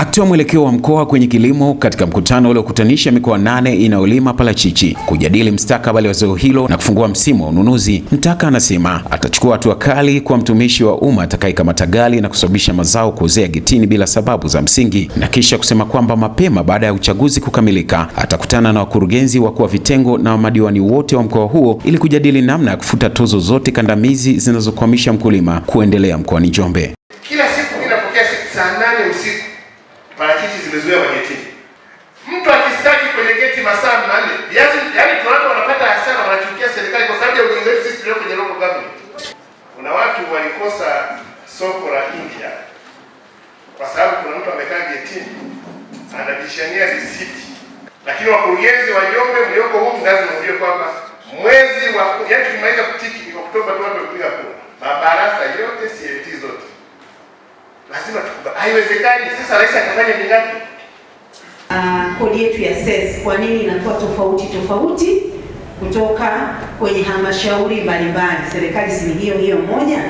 akitoa mwelekeo wa mkoa kwenye kilimo katika mkutano uliokutanisha mikoa nane inayolima parachichi kujadili mstakabali wa zao hilo na kufungua msimu wa ununuzi. Mtaka anasema atachukua hatua kali kwa mtumishi wa umma atakayekamata gari na kusababisha mazao kuozea getini bila sababu za msingi, na kisha kusema kwamba mapema baada ya uchaguzi kukamilika atakutana na wakurugenzi wakuu wa vitengo na madiwani wote wa mkoa huo ili kujadili namna ya kufuta tozo zote kandamizi zinazokwamisha mkulima kuendelea mkoani Njombe. Kila siku ninapokea saa nane usiku parachichi zimezuia magetini. Mtu akistaki kwenye geti masaa manne, viazi yani, tunaona wanapata hasara, wanachukia serikali kwa sababu ya ujenzi. wetu sisi tulio kwenye local government. Kuna watu walikosa soko la India kwa sababu kuna mtu amekaa getini anabishania risiti, lakini wakurugenzi wa Njombe mlioko humu lazima mjue kwamba mwezi wa yani, tukimaliza kutiki ni Oktoba tu watu wapiga kura, mabaraza yote si haiwezekani. Sasa rais akafanya vingapi? Uh, ah, kodi yetu ya SES kwa nini inakuwa tofauti tofauti kutoka kwenye halmashauri mbalimbali? Serikali si hiyo hiyo moja?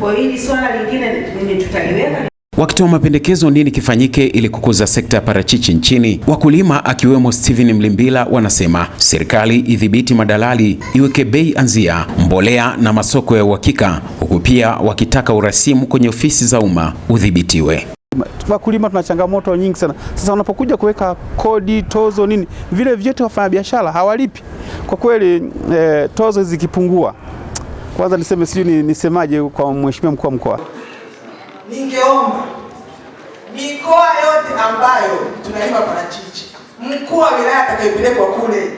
Kwa hiyo hili swala lingine tutaliweka wakitoa mapendekezo nini kifanyike ili kukuza sekta ya parachichi nchini. Wakulima akiwemo Steven Mlimbila wanasema serikali idhibiti madalali, iweke bei anzia, mbolea na masoko ya uhakika, huku pia wakitaka urasimu kwenye ofisi za umma udhibitiwe. Wakulima tuna changamoto nyingi sana. Sasa wanapokuja kuweka kodi, tozo, nini, vile vyote wafanyabiashara hawalipi kwa kweli. E, tozo zikipungua, kwanza niseme sijui nisemaje kwa mheshimiwa mkuu wa mkoa, ningeomba mikoa yote ambayo tunalima parachichi, mkuu wa wilaya atakayepelekwa kule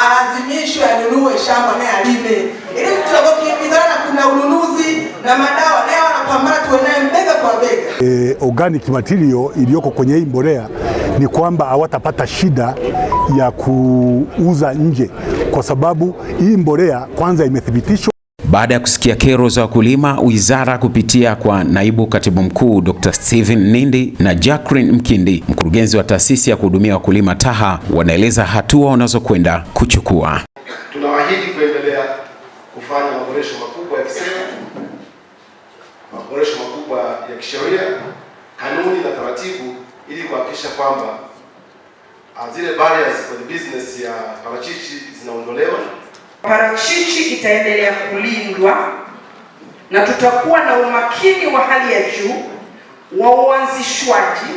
alazimishwe anunue shamba naye alime, ili tutakokimizana. Kuna ununuzi na madawa naye wanapambana, tuwe naye kwa bega. E, organic material iliyoko kwenye hii mbolea ni kwamba hawatapata shida ya kuuza nje kwa sababu hii mbolea kwanza imethibitishwa. Baada ya kusikia kero za wakulima, wizara kupitia kwa naibu katibu mkuu Dr. Steven Nindi na Jacqueline Mkindi, mkurugenzi wa taasisi ya kuhudumia wakulima TAHA, wanaeleza hatua wanazokwenda kuchukua. Tunawaahidi kuendelea kufanya maboresho makubwa ya kisera maboresho makubwa ya kisheria, kanuni na taratibu ili kuhakikisha kwamba ah, zile barriers kwenye business ya parachichi zinaondolewa. Parachichi itaendelea kulindwa na tutakuwa na umakini wa hali ya juu wa uanzishwaji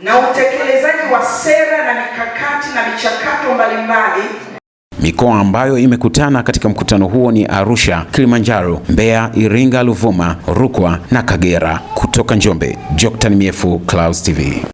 na utekelezaji wa sera na mikakati na michakato mbalimbali. Mikoa ambayo imekutana katika mkutano huo ni Arusha, Kilimanjaro, Mbeya, Iringa, Ruvuma, Rukwa na Kagera. Kutoka Njombe, Joctan Myefu, Clouds TV.